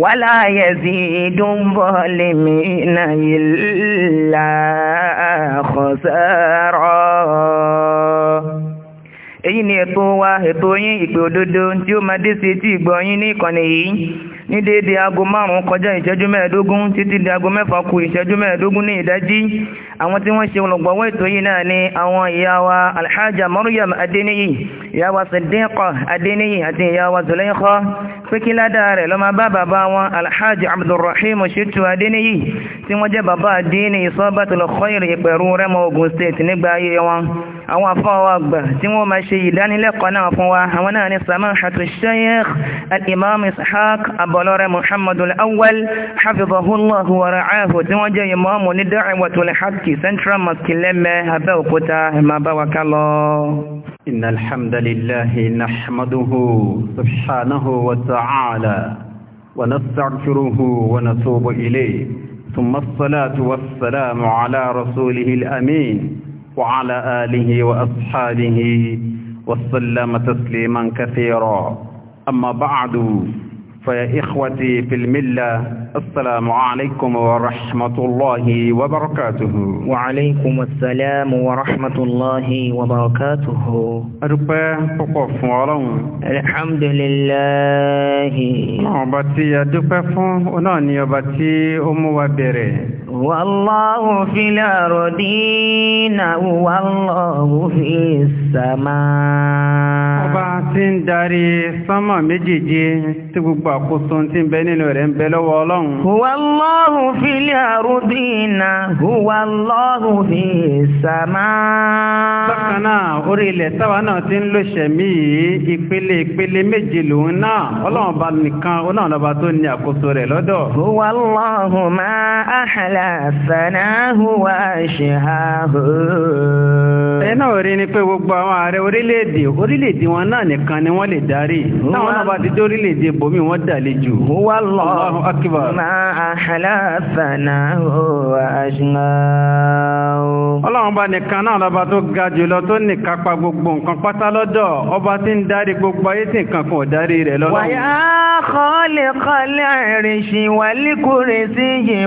wàlá yẹ̀sí ìdúnbọ̀ lèmi náà ìlà àkọsẹ́rọ̀. èyí ni ètò wa ètò yín ìpè òdodo tí ó máa dé sí etí ìgbọ́ ní ìkànnì yìí ní déédéé aago márùn-ún kọjá ìṣẹ́jú mẹ́ẹ̀ẹ́dógún títí di aago mẹ́fà kù ìṣẹ́jú mẹ́ẹ̀ẹ́dógún ní ìdájí àwọn tí wọ́n ṣe olùgbọ̀wọ́ ètò yìí náà ni àwọn ìyá wa alhaja maryam adeniyi ìyá wa sadiqa adeniyi àti ìyá wa zulaikha pé kí ládàá rẹ̀ lọ́mọ bá bàbá wọn alhaji abdulrahim shitu adeniyi tí wọ́n jẹ́ bàbá adini ìsọ́bàtìlọ́kọ́ ìrìn ìpẹ̀rú rẹ́mọ ogun state nígbà ayé wọn àwọn àfáwà àgbà tí wọ́n máa ṣe ìdánilẹ́kọ̀ọ́ náà fún wa àwọn náà ni samahatu sheikh al-imam ishaq abọlọ́rẹ muhammadul awwal hafizahullahu wa ra'ahu tí wọ́n jẹ́ imamu ní da'watul haqqi central mosque lẹ́mẹ́ abẹ́òkúta ìmàbáwakà lọ. inna alhamdulillahi nahmaduhu subhanahu wa ta'ala wa nastaghfiruhu wa natubu ilayh thumma وعلى آله وأصحابه وسلم تسليما كثيرا أما بعد فيا إخوتي في الملة السلام عليكم ورحمة الله وبركاته وعليكم السلام ورحمة الله وبركاته أربا بوكوف ولون الحمد لله أبتي أدوبة أناني أبتي والله في الأرضين والله في السماء ọba tí ń darí sánmà méjèèjì tí gbogbo àkóso tí ń bẹ nínú rẹ̀ ń bẹ lọ́wọ́ ọlọ́run. Wallahu fil ardina, wallahu fis samaa. Bákan náà, orí ilẹ̀ sáwà náà ti ń lò ṣẹ̀mí yìí, ìpele ìpele méje lòun náà, ọlọ́run bá nìkan, ọlọ́run lọ́ba tó ní àkóso rẹ̀ lọ́dọ̀. Wallahu ma ahla fanáhù wá ṣe àhù. ẹ̀yẹ́ náà rí ni pé gbogbo àwọn ààrẹ orílẹ̀-èdè orílẹ̀-èdè wọn náà nìkan ni wọ́n lè darí táwọn náà bá ti dé orílẹ̀-èdè bòmí wọ́n dàlejò. wà lọ máa àhàlà fanáhù wá ṣe àhù. ọlọ́run bá nìkan náà lọ́ba tó ga jùlọ tó nìkápá gbogbo nǹkan pátá lọ́dọ̀ ọba tí ń darí gbogbo ayé tí nǹkan kan ò darí rẹ̀ lọ́lọ́run. wàyà kọ́lẹ̀kọ́lẹ̀ àrìnṣìn wàlíkùrẹ́sì yìí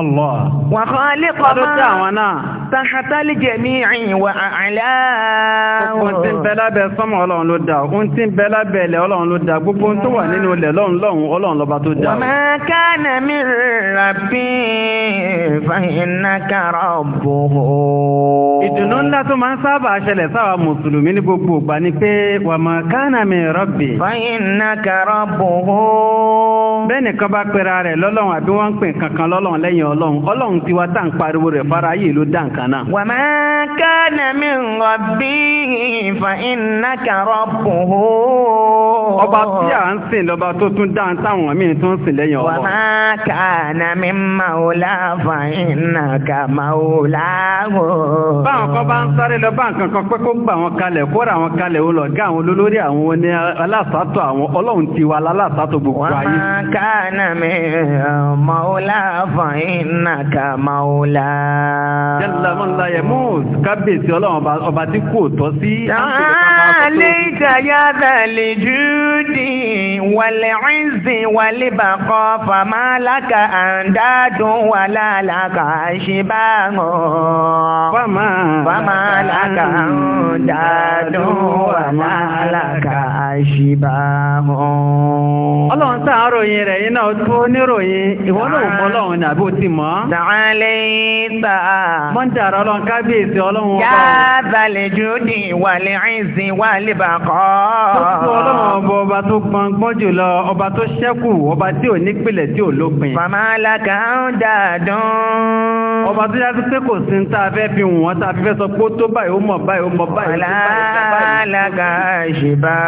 Allah. Wà kọ́lé kọ́mọ́ tàhátálì jẹ̀mí ìwà àlá. Ogun tí ń bẹ lábẹ́ sọ́mọ̀ ọlọ́run ló dá, ogun tí ń bẹ lábẹ́ ilẹ̀ ọlọ́run ló dá, gbogbo tó wà nínú ilẹ̀ Wa ma kana min ńlá tó máa ń sábà ṣẹlẹ̀ sáwà Mùsùlùmí ní gbogbo ìgbà ni pé wa ma kana min rabbi. Fa innaka rabbuhu. Bẹ́ẹ̀ni kan bá pera rẹ̀ lọ́lọ́run àbí wọ́n ń pè kankan lọ́lọ́run lẹ́yìn ọlọ́run ọlọ́run tiwa tá à ń pariwo rẹ̀ fara yìí ló dá nǹkan náà. wàmẹ́ كان من ربه فإنك ربه ọba tí a ń sìn lọba tó tún dá táwọn míì tó ń sìn lẹ́yìn ọba. wàá kàánà mi màúlá fàyínà kà màúlá o. báwọn kan bá ń sáré lọ bá nǹkan kan pé kó gbà wọn kalẹ̀ kó wọn kalẹ̀ ó lọ gá àwọn olólórí àwọn oní alásàtọ̀ àwọn ọlọ́run ti wà lálásàtọ̀ gbogbo ayé. wàá kàánà mi màúlá fàyínà kà màúlá. jẹ́ lamọ́ńlá yẹ mọ́ọ̀sì kábíyèsí ọlọ́run ọba tí kò tọ́ sí àlè ìjàyà bẹ̀lẹ̀ júdì wàlẹ̀ ìzì wàlẹ̀ bàkọ́ fàmálàkà àǹdádùn wà lálàkà ṣìbáhàn àṣìbáhùn. ọlọ́run tá a ròyìn rẹ̀ yín náà tó níròyìn ìwọ ló mọ ọlọ́run ní àbí òtí mọ́. sàálẹ̀ ìta. mọ́ńtà rẹ̀ ọlọ́run kábíyèsí ọlọ́run ọba. yáàbàlẹ̀ jòdì wàlẹ̀ ìsìn wàlẹ̀ bàkọ́. tó ọlọ́run ọba ọba tó gbọngbọ́n jùlọ ọba tó ṣẹ́kù ọba tí ò nípìlẹ̀ tí ò lópin. fàmálàkà ń dàdún ọba tó yá títí kò sí tá fẹ́ fi wọ́n tá fẹ́ sọ pé ó tó báyìí ó mọ̀ báyìí ó mọ̀ báyìí ó tó báyìí ó tó báyìí.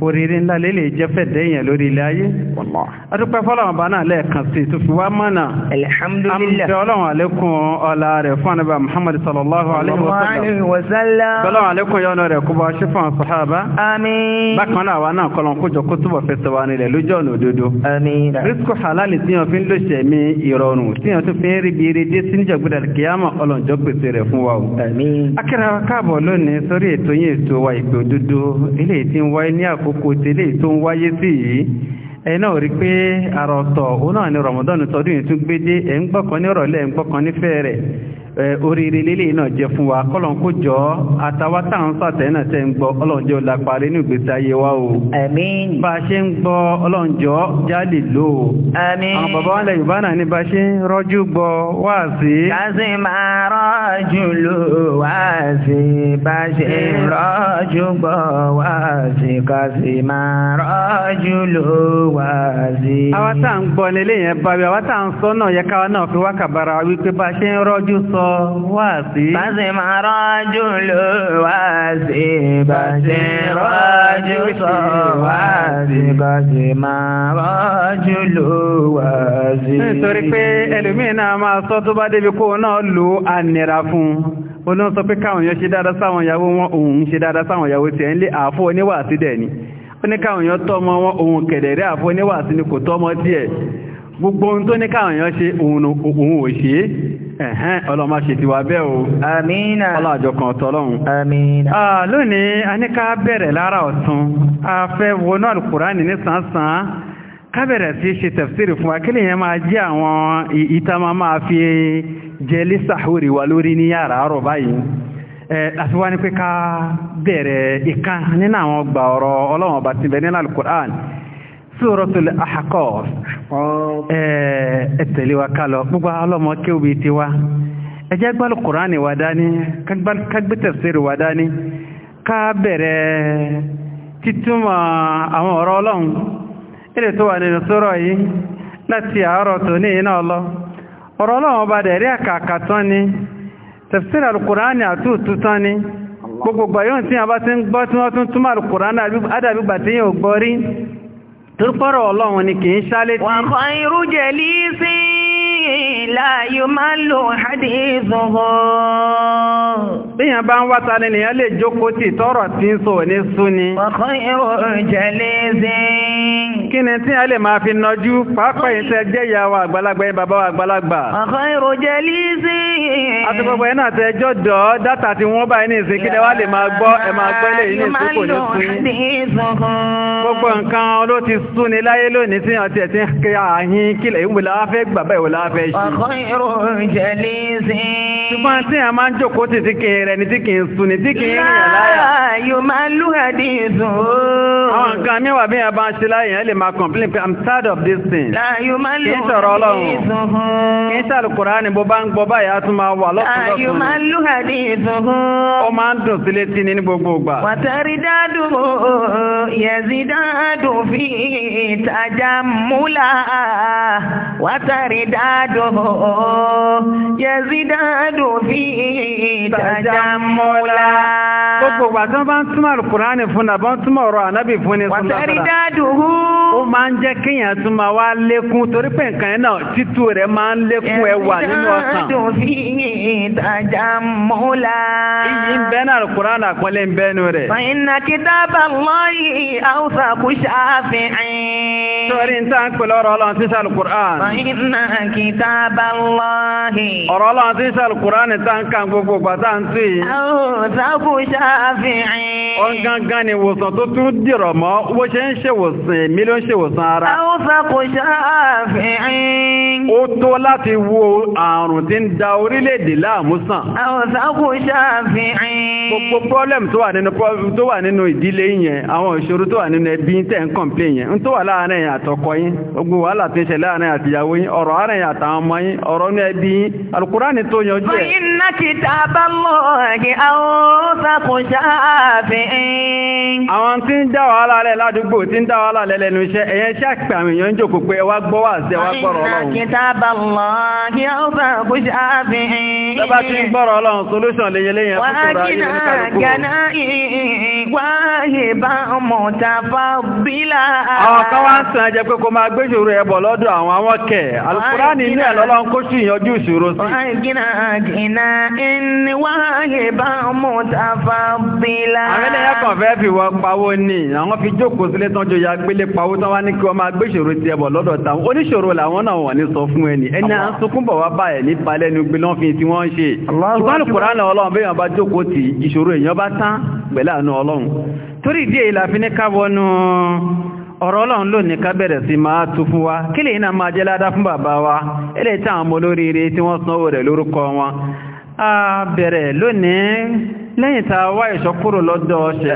oríire ńlá lélẹ̀ jẹ́ fẹ̀dẹ́ lórí ilé ayé adúpẹ́ fọ́lọ́wọ́n bá náà lẹ́ẹ̀kan sí tó fi wá mọ́nà alhamdulillah ọlọ́run alẹ́kùn ọlá rẹ̀ fún anábà muhammad sallallahu alaihi wasallam ọlọ́run alẹ́kùn yọ́nà rẹ̀ kó bá ṣe fún àwọn sàhábà àmín bákan náà wà náà kọlọ̀ kójọ kó túbọ̀ fẹsẹ̀ wa nílẹ̀ lójú ọ̀nà òdodo àmín rísíkò halali tíyan fi ń lò ṣẹ̀ mi tó fi ń rí dé sí níjàgbéra kìyàmà ọlọ́njọ́ pèsè rẹ̀ fún wa o àmín akẹ́rẹ́ káàbọ̀ lónìí sórí àkókò tẹ́lẹ̀ tó ń wáyé sí yìí ẹ̀yìn náà rí pé àrọ̀tọ̀ òun náà ni rọ̀mọ́dọ́nù tọdún yìí ẹ̀ ń gbọ́kan ní ọ̀rọ̀lẹ́ ń gbọ́kan nífẹ̀ẹ́ rẹ̀ oríire lélẹ̀ náà jẹ́ fún wa kọ́lọ̀n kó jọ àtàwà ń sàtẹ́ náà tẹ́ ń gbọ́ ọlọ́njọ́ la ní ìgbésí ayé wa o. àmín. bá a ṣe ń gbọ́ ọlọ́njọ́ já lè lò àwọn bàbá wa lẹ yorùbá náà ní bá a ṣe ń rọ́jú gbọ́ wáàsí. kásì máa rọ́jú lò wáàsí bá a ṣe rọ́jú gbọ́ wáàsí kásì máa rọ́jú lò wáàsí. àwa tá ń gbọ́ nílé yẹn bá wí àwa tá ń sọ náà yẹ wá sí. Bàṣẹ máa rọ́jú ló wá sí. Bàṣẹ rọ́jú sọ wá sí. Bàṣẹ máa rọ́jú ló wá sí. Nítorí pé ẹlòmíì náà máa sọ tó bá débi kó náà lò á nira fún un. Olóhùn sọ pé káwọn èèyàn ṣe dáadáa sáwọn ìyàwó wọn òun ṣe dáadáa sáwọn ìyàwó tiẹ̀ ń lé àáfó oníwà sí dẹ̀ ni. Ó ní káwọn èèyàn tọ́ ọmọ wọn òun kẹ̀dẹ̀rẹ́ àáfó oníwà sí ni kò tọ́ ọmọ díẹ̀ gbogbo ohun tó ní káwọn èèyàn ṣe òun ò ṣe é ẹ̀hẹ́n ọlọ́mà ṣe ti wà bẹ́ẹ̀ o àmìnà ọlọ́àjọ kan tọ́lọ́hun àmìnà lónìí a ní ká bẹ̀rẹ̀ lára ọ̀tún a fẹ́ wọnú alùkùránì ní sánsan ká bẹ̀rẹ̀ sí ṣe tẹ̀fsìrì fún akílẹ̀ yẹn máa jẹ́ àwọn ìtama máa fi jẹ lísàhórí wa lórí ní yàrá àárọ̀ báyìí láti wá ní pé ká bẹ̀rẹ̀ Suratul Ahqaf ẹ̀tẹ̀lẹ́wà kálọ̀ gbogbo ọlọ́mọ kí o bí ti wá ẹjẹ́ gbálù Kùránì wà dání kágbé tafsiri wà dání ká bẹ̀rẹ̀ títúmọ̀ àwọn ọ̀rọ̀ ọlọ́run ilẹ̀ tó wà nínú sọ́rọ̀ yìí láti àárọ̀ tó ní iná ọlọ́ ọ̀rọ̀ ọlọ́run ọba dẹ̀ torípọ̀rọ̀ ọlọ́run ni kì í ṣálé tí. wọ́n kọ́ irú jẹ̀lí sí láàyò máa ń lò hádì ìzọ̀họ́. bíyàn bá ń wá ta ni nìyàn lè jókòó tì tí ń sọ ní súni. wọ́n kọ́ irú jẹ̀lí sí kí ni tí a lè máa fi nọjú pàápàá yìí tẹ́ jẹ́ ìyá wa àgbàlagbà yìí bàbá wa àgbàlagbà. ọ̀kan ìròjẹ́ lísì. àtúgbọ̀gbọ̀ yìí náà tẹ́ jọ dọ̀ ọ́ dátà tí wọ́n báyìí ní ìsìn kí lẹ wá lè máa gbọ́ ẹ máa gbọ́ lè yín ìsìn kò ní sún. gbogbo nǹkan ló ti sú láyé lónìí tí àti ẹ̀tí kí àhín kí lè ìwòlá fẹ́ gbà bẹ́ẹ̀ ìwòlá fẹ́ ṣùgbọ́n tí a máa ń jókòó tì tí kì í ni tí kì sun ni tí kì rìn láyà. láàyò máa lúhàdì ìsùn. àwọn nǹkan mi wà bí a bá ń ṣe láyè máa complain pé i'm tired of this thing. láyò máa lò ó sọ̀rọ̀ ọlọ́run kí n bó bá ń gbọ́ báyìí á tún máa wà lọ́kùnrin. láyò ní ìsọ̀hún. ó máa ń dùn sí létí ní gbogbo ìgbà. wàtárí dáadùn yẹ̀sí dáadùn fi ìtajà múlá. wàtárí dáadùn yẹ̀sí dáadùn fi ìtajà múlá. gbogbo ìgbà tí wọ́n bá ń túmọ̀ Kùránì fún nàbọ́n túmọ̀ ọ̀rọ̀ ànábì fún ní súnmọ́ ó máa ń jẹ́ kíyàn tún máa wá lékún torí pé nǹkan yẹn náà títú rẹ̀ máa ń lékún ẹwà nínú ọ̀sán. ẹ̀rọ tó fi ìtajà mọ́lá. iyì ń bẹ́ náà kúrò àná àpọ́nlé ń bẹ́nu rẹ̀. fàyínà kìtàbà lọ́yìn àwùsà kù ṣàfihàn. sọ́rí ń tàn ọ̀rọ̀ ọlọ́run tí sàlù kùrán. fàyínà kìtàbà lọ́yìn. ọ̀rọ̀ ọlọ́run tí sàlù kùrán tàn kàn gbogbo bàtà ń tù yìí. àwùsà kù ṣàfihàn. ọ̀gangan ṣèwòsàn ara. àwọn fakò ó tó láti wo àrùn tí ń da orílẹ̀-èdè láàmú sàn. àwọn gbogbo problem tó wà nínú problem tó wà nínú ìdílé yẹn àwọn ìṣòro tó wà nínú ẹbí tẹ̀ ń complain yẹn ń tó wà láàárín yẹn àtọkọ yín gbogbo wàhálà tó ń ṣe láàárín àtìyàwó yín ọ̀rọ̀ àárín yẹn àtàwọn ọmọ yín ọ̀rọ̀ ní ẹbí yín alukurani tó yanjú ẹ̀. inna kitaballahi àwọn fakò àwọn tí ń dá wàhálà rẹ̀ ládùúgbò tí ń dá wàhálà rẹ̀ lẹ́nu iṣẹ́ ẹ̀yẹn iṣẹ́ àpè àmì èèyàn ń jòkó pé wá gbọ́ wà sí wá gbọ́rọ̀ ọlọ́run. solution lè yẹlé yẹn àwọn kan wá ń sàn jẹ pé kó máa gbé ìṣòro ẹ̀ bọ̀ lọ́dọ̀ àwọn àwọn kẹ̀ alukurani inú ẹ̀ lọ́lọ́run kó sì yanjú ìṣòro sí. àwọn ẹlẹ́yà kan fẹ́ fi wọ́n pawó ní àwọn fi jókòó sílé tán jọya gbélé pawó tán wá ní kí wọ́n máa gbé ìṣòro ti ẹbọ̀ lọ́dọ̀ táwọn oníṣòro làwọn náà wọ̀n ní sọ fún ẹni ẹni à ń sunkún bọ̀ wá báyẹ̀ ní palẹ́nu gbé lọ́n tí wọ́n ń ṣe ṣùgbọ́n kùránà ọlọ́run bí bá jókòó ti ìṣòro èèyàn lẹ́yìn tá a wá ìṣọ́ kúrò lọ́dọ̀ ṣe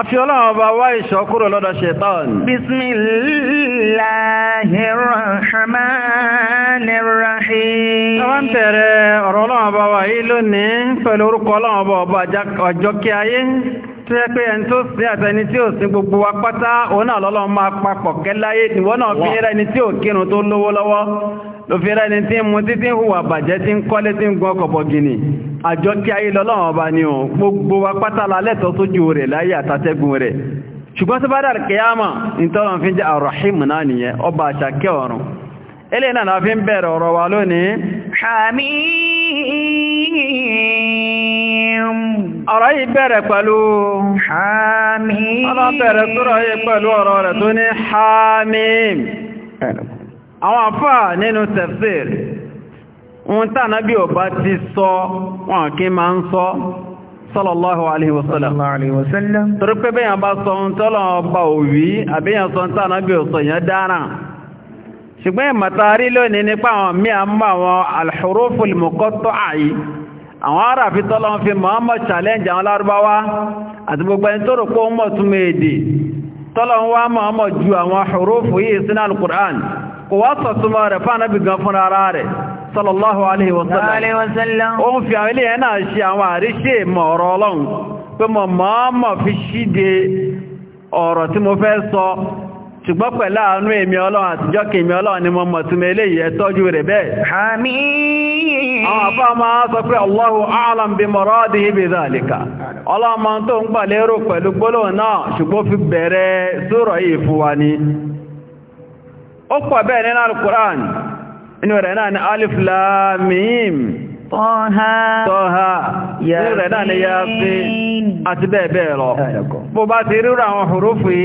Afi ọlọ́run ọba wá ìṣọ́ kúrò lọ́dọ̀ ṣetán. Bismillahirrahmanirrahim. Ọwọ́n tẹ̀rẹ ọ̀rọ̀ ọlọ́run ọba wà yí lónìí pẹ̀lú orúkọ ọlọ́run ọba ọjọ́ kí ayé tó yẹ pé ẹni tó sin àtẹni tí ò sin gbogbo wa pátá òun náà lọ́lọ́ máa papọ̀ kẹ́láyé ìwọ náà fi rẹ́ ni tí ò kírun tó lówó lọ́wọ́ ló fi rẹ́ ni tí ń mu títí ń hùwà bàjẹ́ tí ń kọ́lé tí ń gun ọkọ̀ bọ̀ gìnì àjọ kí ayé lọ́lọ́wọ́ ọba ni ò gbogbo wa la lẹ́tọ̀ọ́ sójú rẹ̀ láyé àtàtẹ́gùn rẹ̀ ṣùgbọ́n tó bá dà kìyàmà ìtọ́lọ̀ fi jẹ́ àrọ̀hìmù náà nìyẹn ọ̀rọ̀ yìí bẹ̀rẹ̀ pẹ̀lú hamim ọ̀rọ̀ bẹ̀rẹ̀ sọ́rọ̀ yìí pẹ̀lú ọ̀rọ̀ rẹ̀ tó ní hamim àwọn àfà nínú tafsir wọn tànà bí ò bá ti sọ wọn kí ma ń sọ sallallahu alaihi wasallam torí pé bẹ́yàn bá sọ ń tọ́lọ̀ ọba òwí àbíyàn sọ ń tànà bí ò sọ yẹn dára ṣùgbọ́n ìmọ̀tàrí lónìí nípa àwọn mí àwọn ará fi tọ́lọ ń fi Muhammad challenge àwọn lárúbáwá àti gbogbo ẹni tó rò pé ó mọ̀ túnmọ̀ èdè tọ́lọ ń wá Muhammad ju àwọn hurufu yìí sínú al-Qur'an kò wá sọ̀túnmọ̀ rẹ̀ fánàbì gan fún ara rẹ̀ sallallahu ṣùgbọ́n pẹ̀lú àánú èmi ọlọ́run àtijọ́ kí èmi ọlọ́run ni mo mọ̀ tí mo eléyìí ẹ tọ́jú rẹ̀ bẹ́ẹ̀. àmín. àwọn àfá máa sọ pé Allahu a'lam bi muradihi bi dhalika ọlọ́mọ tó ń gbà alif Tọ́ha. Tọ́ha. Yàfín. àti bẹ́ẹ̀ bẹ́ẹ̀ lọ. Bó bá ti rírọ àwọn yìí,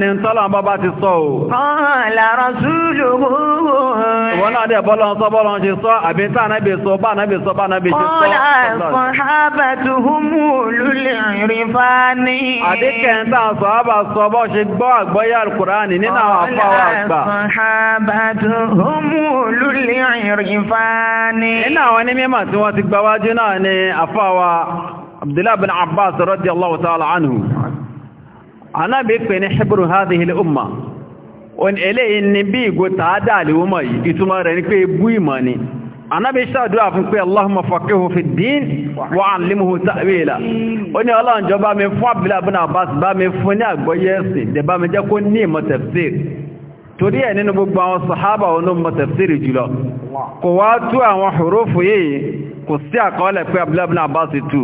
ni tọ́lọ̀ bá bá ti sọ o. Qala rasuluhu. Ìwọ́n náà dẹ̀ bọ́lọ́ sọ bọ́lọ́ ṣe sọ àbí tá ànábì sọ bá ànábì sọ bá ànábì ṣe sọ. Qala sahabatuhumu ulul irfani. Àdíkẹ̀ ń tà sọ àbà sọ bọ́ ṣe gbọ́ àgbọ́yà al àwọn ní mímọ̀ tí wọ́n ti gbáwájú náà ni afáwà Abdullahi bin Abbas radiyallahu ta'ala anhu anábi pè ní hebrew hadhihi umma on eléyìí ni bí ìgò tààdà àlèwọ́mọ̀ yìí ìtumọ̀ rẹ̀ ní pé bú ìmọ̀ ni anábi ṣàdúrà fún pé allahumma faqihu fi dín wa allimhu ta'wila ó ní ọlọ́njọba mi fún abdullahi abdullahi abbas bá mi fún ní àgbọ́yẹ̀sì dẹ̀ bá mi jẹ́ kó ní ìmọ̀ tafsir torí ẹ̀ nínú gbogbo àwọn sàhábà olóòmọ̀ tẹ̀fsìrì jùlọ kò wá tú àwọn hurufu yìí kò sí àkọọ́lẹ̀ pé abúlẹ́bùn àbáṣì tú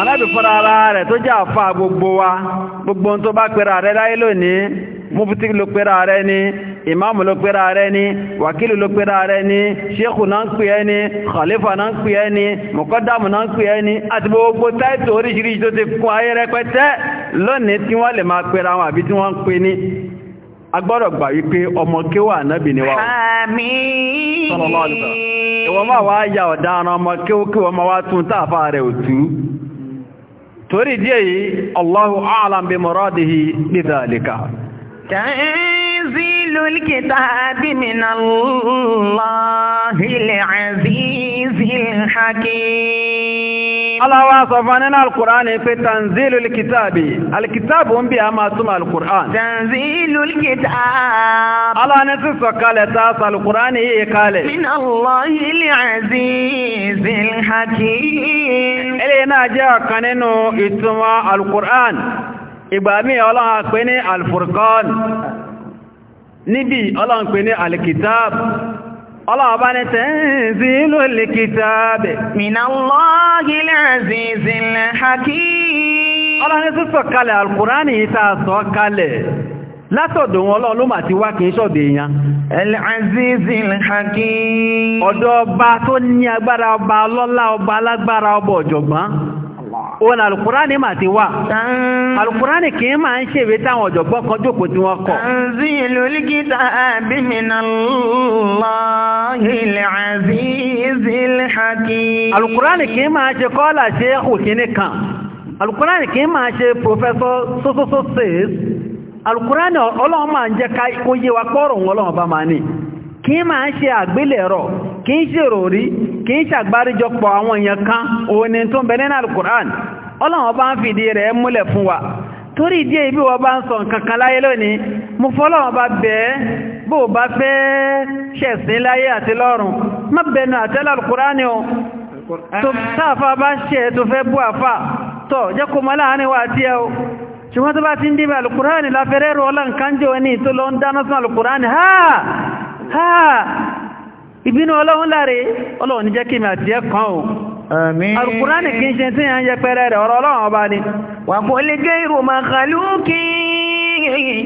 alábìfọ́ra ara rẹ̀ tó jẹ́ àfá gbogbo wa gbogbo tó bá pẹ̀rẹ̀ ààrẹ láyé lónìí mufti ló pẹ̀rẹ̀ ààrẹ ni ìmáàmù ló pẹ̀rẹ̀ ààrẹ ni wàkílù ló pẹ̀rẹ̀ ààrẹ ni ṣékù náà ń pè ẹ́ ni khalifa náà ń pè ẹ́ ni mọ̀kọ́dàmù náà ń pè ẹ́ ni àti gbogbo táìtò oríṣiríṣi tó ti kún ayé rẹpẹtẹ lónìí tí wọ́n lè máa pẹ̀rẹ̀ àwọn àbí tí wọ́n ń pè ní agbọ́dọ̀ gbà wípé ọmọ kéwà náàbì ni wà ó. torí díẹ̀ yìí Allahu a'lam bi muradihi bi dhalika tanzilul kitabi minallahi al-azizil hakim aláwọ̀ sọ̀fà nínú alkùrán ní pé tanzilu alkitabi alkitabu ń bí a máa túnmà alkùrán tanzilu alkitabi aláwọ̀ ní sí sọ̀kalẹ̀ tààsà alkùrán ní yìí kalẹ̀ minallahi azizil hakim eléyìí náà jẹ́ ọ̀kan nínú ìtumọ̀ alkùrán ìgbà ọlọ́ọ̀bá ní tanzilul kitab minallahil azizil hakim ọlọ́ni tó sọ̀kalẹ̀ alkùránì ìta sọ̀kalẹ̀ látọ̀dọ̀ wọn lọ́ọ́ ló mà ti wá kìí ṣọ̀dọ̀ èèyàn. al-azizil hakim ọ̀dọ̀ ọba tó ní agbára ọba ọlọ́lá ọba alágbára ọba ọ̀jọ̀gbọ́n òun alukurani ma ti wà alukurani kì í máa ń ṣèwé táwọn ọ̀jọ̀gbọ́n kan jókòó tí wọ́n kọ. tanzilul kitabi minallahil azizil hakim. alukurani kì í máa ṣe ṣe kan alukurani kì í máa ṣe pòfẹ́sọ sọ́sọ́sọ́sẹ́ alukurani ọlọ́run máa ń jẹ́ kó yé wa kọ́rọ̀ òun kí máa ń ṣe àgbélẹ̀rọ kí ń ṣe ròrí kí ń ṣàgbáríjọpọ̀ àwọn èèyàn kan òní tó ń bẹ nínú alukur'an ọlọ́run bá ń fìdí rẹ̀ múlẹ̀ fún wa torí ìdí èyí bí wọ́n bá ń sọ nǹkan kan láyé lónìí mo fọ́lọ́run bá bẹ́ẹ̀ bó o bá fẹ́ ṣẹ̀sìn ìbínú ọlọ́run láre ọlọ́run ní jẹ́ kí mi àti ẹ kan o alùkùránì kí n ṣe tí a ń yẹpẹrẹ rẹ̀ ọ̀rọ̀ ọlọ́run ọba ni wà kò lè gẹ́ ìrò màkàlùkì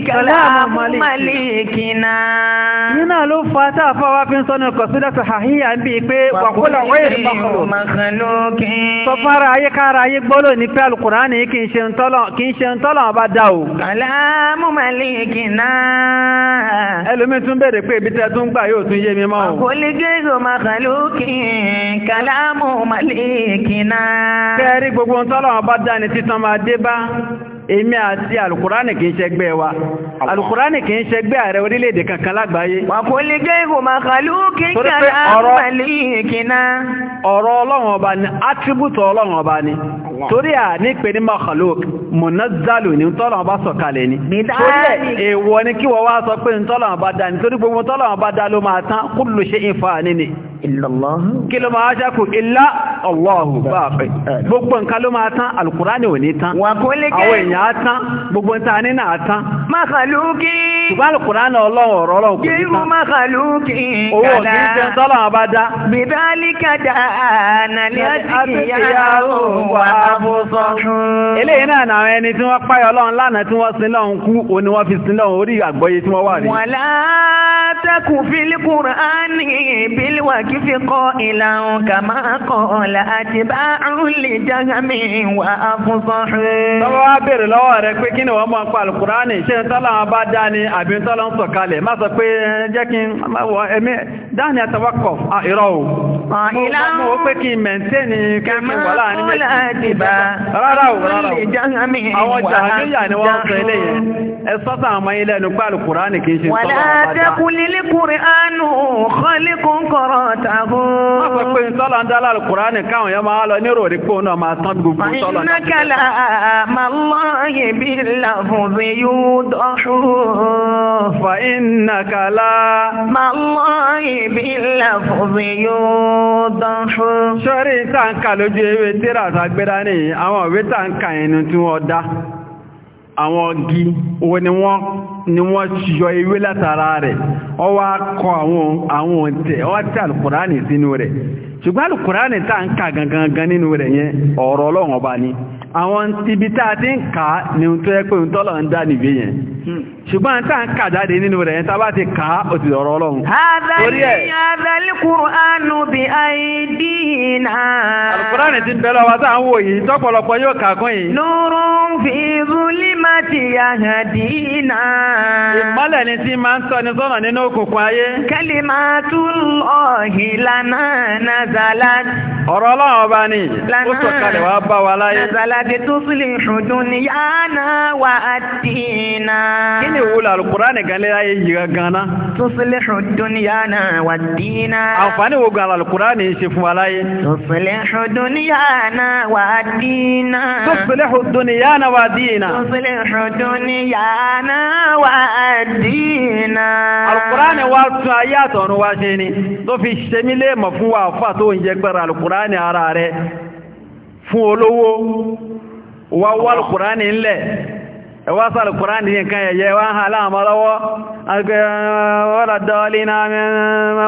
Kalamu Malikina. yín náà ló fa tá a fọ́ wá fi ń sọ́nù kọ̀sídà tó hàhíyà ń bíi pé wàkúlà wẹ́ẹ̀rì mọ̀kànlókè. sọ fara ayé kára ayé gbọ́dọ̀ ní pé alukurani kì í ṣe ń tọ́lọ̀ ọba dá o. kàlámù màlìkìnà. ẹlòmíín tún bèrè pé ibi tẹ́ tún gbà yóò tún yé mi mọ́ o. àkólégbé mọ̀kànlókè kàlámù màlìkìnà. kẹ́rí gbogbo ń tọ́lọ̀ ọba dá ni títàn máa dé bá èmi àti alùkùránì kìí ṣẹgbẹ́ wa alùkùránì kìí ṣẹgbẹ́ ààrẹ orílẹ̀-èdè kankan lágbàáyé wàkólégé ìhùmàkàlú kíkàrà àmàlì ìkìná ọ̀rọ̀ ọlọ́run ọba ni attribute ọlọ́run ọba ni torí à ní pé ní makhluk munazzalu ní ni torí èèwọ̀ ni kí wọ́n wá sọ pé kí ló máa ṣẹ́kù ilá ọlọ́hù báàfẹ́ gbogbo nǹkan ló máa tán alukùránì ò ní tán àwọn èèyàn á tán gbogbo nǹkan ní náà tán makalúkì ṣùgbọ́n alukùránì ọlọ́run ọ̀rọ̀ ọlọ́run kò ní tán makalúkì owó òní ṣe ń tọ́lọ̀ wọn bá dá. bìdálí kàdá nàlẹ́ àti ìyàwó wà bùsọ̀. eléyìí náà náà ẹni tí wọ́n páyọ̀ ọlọ́run lánàá tí kíkọ́ ìlànà kàmá kọ̀ọ̀lá àti bá àrùn lè jágàmì wà fúnfọ́nrẹ́. tọ́wọ́ wá bèèrè lọ́wọ́ rẹ̀ pé kí ni wọ́n mọ́ pa alùkùránì ṣe tọ́lọ́wọ́ bá dáni àbí tọ́lọ́ ń sọ̀kalẹ̀ má sọ pé eh, jẹ́ kí ẹmí dáni àtàwọ́kọ̀ ìrọ̀ o ah, mo wọ́n pé kí mẹ̀ntẹ́ni kẹ́kẹ́ wà láàrin mẹ́tẹ́ tàbó. Má sọ pé tọ́lọ̀ ń dálà Kùránì káwọn yẹn máa lọ nírò rí pò náà máa tán gbogbo tọ́lọ̀ náà. Ìnákàlà màlọ́yè bí làfùnfin yóò dọ́ṣù. Fà ìnákàlà. Màlọ́yè bí làfùnfin yóò dọ́ṣù. Sọ́rí táǹkà lójú ewé tíra àgbéra ní àwọn ìwé táǹkà ẹni tí wọ́n dá. Àwọn ọgi wo ni wọ́n ni wọ́n yọ ewé látara rẹ̀ ọ wá kọ àwọn àwọn tẹ̀ ọ tẹ alukùránì sínú rẹ̀ ṣùgbọ́n alukùránì tá ń ka gangan nínú rẹ̀ yẹn ọ̀rọ̀ ọlọ́run ọba ni àwọn ibi tá a ti ń kà á ní ohun tó pé ohun tọ́lọ̀ dá nìbí yẹn hmm. ṣùgbọ́n tá ń kà jáde nínú rẹ̀ yẹn tá ti kà á ọlọ́run. àdàlùkùrù àánú bí ti ń bẹ tá à ń wò yìí tọ́pọ̀lọpọ̀ yóò kà kún yìí. nùrù fi zulí má ti yàgà dì ìmọ́lẹ̀ ni tí máa ń sọ ni sọ́nà nínú òkùnkùn ayé. kẹ́lí máa tún lọ ìlànà nàzàlá. ọ̀rọ̀ ọlọ́run ọba ni ó sọ̀kalẹ̀ wá bá wa láyé. nàzàlá قد تصلح دنيانا وأدينا kini wula alukurani gale ya yi yiga gana. tuslihu dunyana wa dina. àǹfààní wo gan alukurani ṣe fún ala ye. tuslihu dunyana wa dina. tuslihu dunyana wa dina. tuslihu dunyana wa dina. alukurani wa tún ayé àtọ̀run wa ṣe ni tó fi ṣe mí lé mọ̀ fún wa fà tó ń jẹ́ gbẹ̀rẹ̀ alukurani ara rẹ̀ fún olówó wà wà lùkùránì ńlẹ̀ ẹwà sáà lùkùránì nǹkan ẹ̀yẹ wá ń ha láàmọ́ lọ́wọ́ agbẹ̀wọ́lá dọ́ọ̀lì náà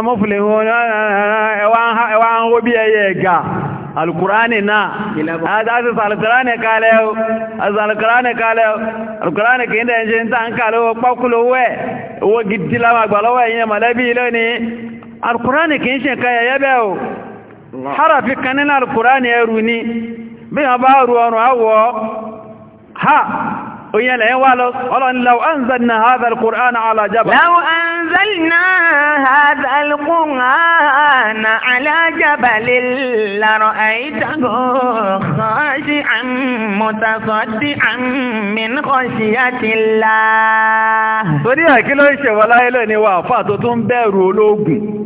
mọ́fìlì ẹwà ń hó bí ẹyẹ ẹ̀gà alkurani na azazi alkurani kale az alkurani kale alkurani kinde nje nta nkale wo pakulo we wo gidila magbalo we yin malabi loni alkurani kin se kaya yebe o harafi kan nínú alkùránì ẹrù ni bí wọ́n bá rú ọrùn àwọ̀ ha oyin lẹ́yìn wà lọ ọlọ́ni lọ anzalna hadha alkùránì ala jabal law anzalna hadha alkùránì ala jabalin la ra'aytahu khashi'an mutasaddi'an min khashyatillah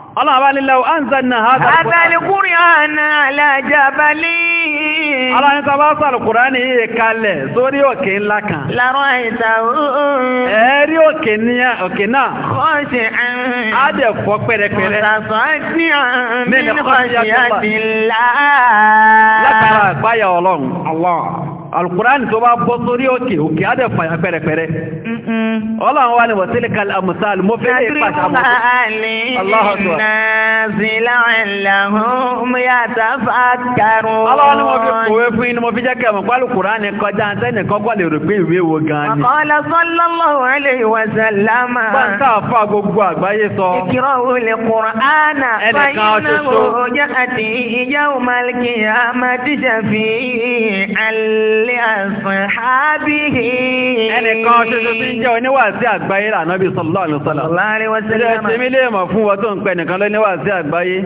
Allah bá ní lọ́wọ́ anzanna hadal Qur'ana ala jabali. Allah ní sábà sọ̀rọ̀ Qur'ani yìí kalẹ̀ sórí òkè ńlá kan. Lárọ̀ ìta ooo. Ẹ̀rí òkè náà. Kọ́ọ̀ṣì àn. Á dẹ̀ fọ́ pẹ̀rẹ̀pẹ̀rẹ̀. Mọ̀tàṣọ́ ní àmì kọ́ọ̀ṣì alkùránì tó bá bọ́ sórí òkè òkè á dẹ̀ fàyà pẹ̀rẹ̀pẹ̀rẹ̀ ọlọ́run wá ní wọ̀sílì kalamusal mo fẹ́ lè pàṣà mọ́ ọlọ́run ni mo fi kòwé fún inú mo fi jẹ́ kẹmù pálù kùránì kọjá àtẹ́nì kọ́gbọ́ lè rò pé ìwé wo gan ni ọ̀kọ́lọ́ sallallahu alaihi wa sallama gbọ́ntà fà gbogbo àgbáyé sọ ìkírọ̀ olè kùránà fàyínà lè àṣàn ábíhì. ẹnìkan ṣoṣo tí ń jẹ́ oníwàásí àgbáyé lànà bí sallallahu sallallahu alaihi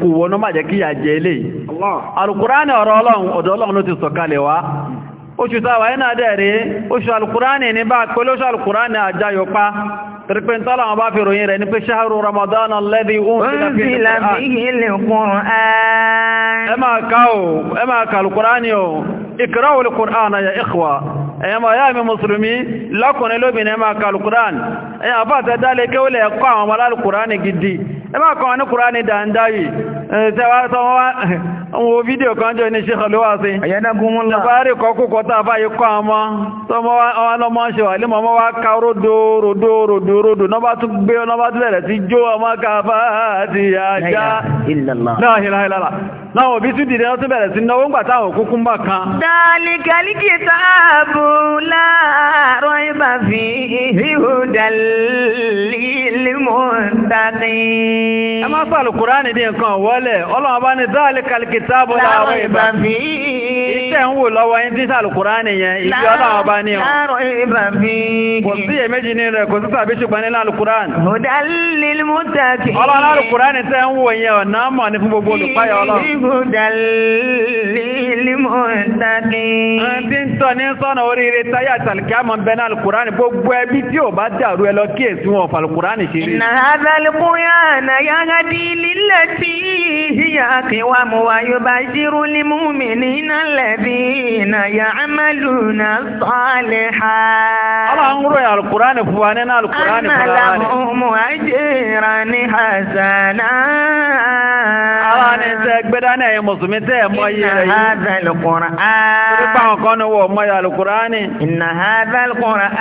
kú wọnú má jẹ́ kíyà jẹ ilé alùkùránì ọ̀rọ̀ ọlọ́run ọ̀dọ̀ ọlọ́run ló ti sọ̀kalẹ̀ wá oṣù tàwà iná dẹ̀ rí oṣù alùkùránì ní bá pẹ̀lú oṣù alùkùránì àjáyọpá torípé ń tọ́lọ̀ wọn bá fi ròyìn rẹ̀ ní pé ṣáàrù Ramadan alladhi unzila fihi al-Qur'an ẹ máa ká o ẹ máa ka al-Qur'ani o iqra'u al-Qur'ana ya ikhwa ẹ̀yàn máa yá mi mùsùlùmí lọ́kùnrin lóbìnrin máa ka al-Qur'an ẹ̀yàn àfáà tẹ́ dálé kéwìlẹ̀ ẹ̀kọ́ àwọn ọmọ al-Qur'ani gidi ẹ máa kọ́ wọn ní Qur'ani dáadáa yìí tẹwa sọ wọn wo fídíò kan jọ ní ṣíkọ̀ ló wá sí ẹ̀yẹ́dẹ́gúnmúnlá tàbárí kọkú kọta àfáà yìí kọ́ àwọn ọmọ tọmọ wọn lọ́mọ ṣe wà límọ̀ wọ́n wá ká ródó ródó ródó sòrodò náà bá tún gbé ọ́nà bá tẹ́lẹ̀ tí jó ọmọ kàfà àti àjá láàrínláàrínláà náà òbí tún dìde ọ́tún bẹ̀rẹ̀ sí náwó ń gbàtà òkú kún bá kan dálíkàlíkì sáàbù láàárọ̀ ibà fi ìhù ń wò lọ́wọ́ yín tí sàlù kùránì yẹn ìjọ bá ní ọ̀ kò sí èméjì ní rẹ̀ kò sí tàbí ṣ pẹ̀lú lálùkúrán. Hùdálìlmùtàkì. Ọlọ́lá ṣètọ́ ní sọ́nà oríire táyà tàlìkàmọ̀ bẹ́nà alkùránì gbogbo ẹbí tí ó bá dàrú ẹlọ kíyèsí wọn fàlùkùránì ṣe rí. nàhàdàlùkùránà yára di lílẹ̀ tí ìyá kíwà mú wa bá ṣírú ní múmi nínú lẹ́bí iná yà àwọn ni tẹ́ gbẹ́dánà ẹ̀yin mùsùlùmí tẹ́ mọ iye rẹ̀ yìí. Inna hadha al-Qur'an. Torí pa nǹkan ni wọ́n mọ al-Qur'ani. Inna hadha al-Qur'an.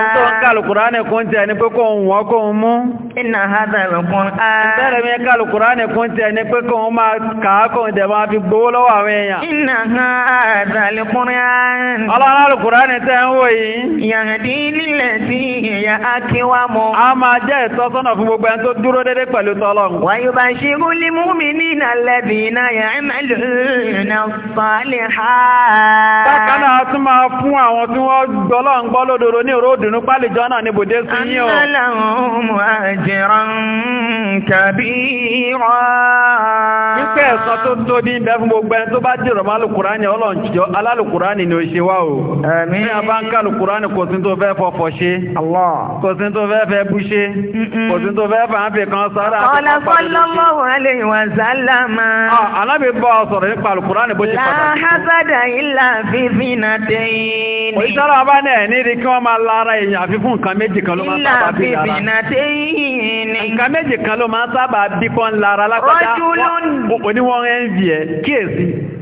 N tó ń ka al-Qur'ani kún tẹ̀ ní pé kò ń wọ́n kò ń mú. Inna hadha al-Qur'an. Bẹ́ẹ̀rẹ̀ mi ka al-Qur'ani kún tẹ̀ ní pé kò ń máa kà á kò ń tẹ̀ máa fi gbowó lọ́wọ́ àwọn èèyàn. Inna hadha al-Qur'an. Ọlọ́run al-Qur'ani tẹ́ ń wò yìí. Yahdi lillati hiya aqwam. A máa jẹ́ ìtọ́sọ́nà fún gbogbo ẹni tó dúró déédéé pẹ̀lú tọ́lọ́run. Wa yubashshiru al-mu'minin إن الذين يعملون الصالحات Bákaná a tún máa fún àwọn tí wọ́n gbọ́lọ́ ń gbọ́ lódòrò ní òróòdùnú pálìjọ́ náà ní bòdé sí yí o. Aláhùn àjẹ́rán kàbíràn. Nípẹ́ ẹ̀sán tó tóbi ń bẹ fún gbogbo ẹni tó bá jìrọ̀ máa lùkùránì ọlọ́njọ́ alálùkùránì ni ó ṣe wá o. Ẹ̀mí. Ní àbáńkà lùkùránì kò sí tó fẹ́ fọfọ ṣe. Kò sí tó fẹ́ fẹ́ bú ṣe. Kò sí tó fẹ́ fà ń fi kan sára. Ọ̀lá fọ́lọ́mọ̀ sallama. Alábì ah, bọ́ sọ̀rọ̀ nípa Alkùránì bó ti pàtàkì. Láhásádà ilá fífi na tẹ́yìn. Òṣìṣẹ́ra bá náà nídi kí wọ́n máa lára èèyàn àfi fún nǹkan méjì kan ló máa sábà bí lára. Ilá fífi na tẹ́yìn. Nǹkan méjì kan ló máa sábà bí kan lára lápẹ́já. Rọ́júlù. Òní wọ́n ń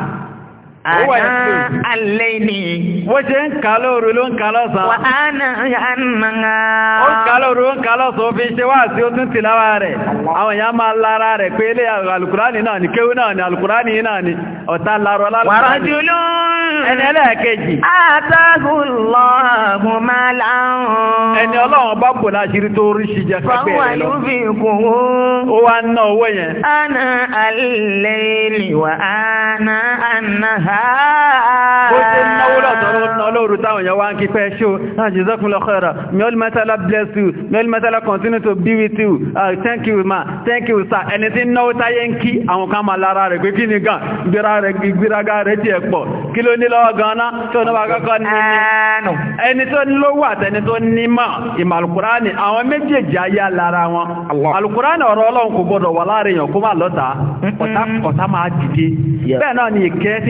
Àná alẹ́ ni. Bó ṣe ń kà lóru ló ń kà lọ́sàn. Wà á nà ànàngà. Ó ń kà lóru ó ń kà lọ́sàn ó fi ṣe wá sí ó tún ti lára rẹ̀. Àwọn èèyàn máa lára rẹ̀ pé ilé alùkùránì náà ni kéwú náà ni alùkùránì náà ni ọ̀tá larọ lálùkùránì. Wàrà jùlọ. Ẹni ẹlẹ́ẹ̀kejì. Àtàkùn lọ́ọ̀gùn máa láwọn. Ẹni ọlọ́run bá bò láṣírí tó rí ṣi jẹ pẹ́pẹ́ rẹ̀ lọ. wà á bó ṣe náwó lọ́tọ̀rọ̀ náà lóòrù táwọn èèyàn wá ń kí fẹ́ ṣó ah, jazakumullahu khaira may all matala bless you may all continue to be with you uh, thank you ma thank you sir ẹni tí náwó táyé ń kí àwọn kan máa lára rẹ̀ pé kí ni gan gbéraga rẹ̀ tiẹ̀ pọ̀ kí ló ní lọ́wọ́ gan-an tí ó náwó akọ́kọ́ ní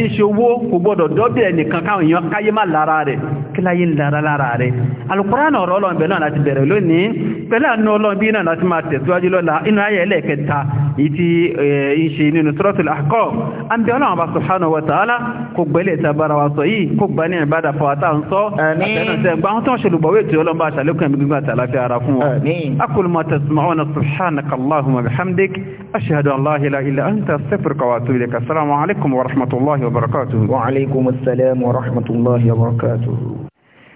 tó owó kò gbọ́dọ̀ dọ́bẹ̀ ẹnìkan káwọn èèyàn káyé má lára rẹ̀ kí láyé ń lára lára rẹ̀ alùpùránà ọ̀rọ̀ ọlọ́ọ̀bẹ̀ náà láti bẹ̀rẹ̀ lónìí pẹ̀lú àánú ọlọ́run bí náà láti máa tẹ̀síwájú lọ́la inú ayé ẹlẹ́ẹ̀kẹta ìtí ìṣe nínú Suratul Ahqaf àbí ọlọ́run bá subhanahu wa kò gbẹ́lẹ̀ tí a bára wa sọ yìí kò gbá ní ìbádà fọwátà ń sọ àtẹnusẹ́gbà ń ṣolùbọ̀wé tí ọlọ́run bá ṣàlékún ẹ̀mí gbígbà tàlàfẹ́ ara fún wọn aqulu ma tasma'una subhanaka allahumma bihamdik ashhadu an la ilaha illa anta astaghfiruka wa atubu ilaik assalamu alaikum wa rahmatullahi wa barakatuh wa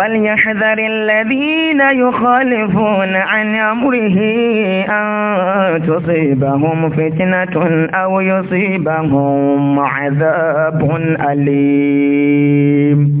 فليحذر الذين يخالفون عن أمره أن تصيبهم فتنة أو يصيبهم عذاب أليم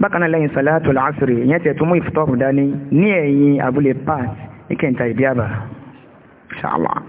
bákanáà lẹ́yìn sàlátù lásìrì ìyẹn tẹ̀ tó mú ìfitọ́pù dání ní ẹ̀yìn abúlé park ní kẹta ìbíàbà ṣàlá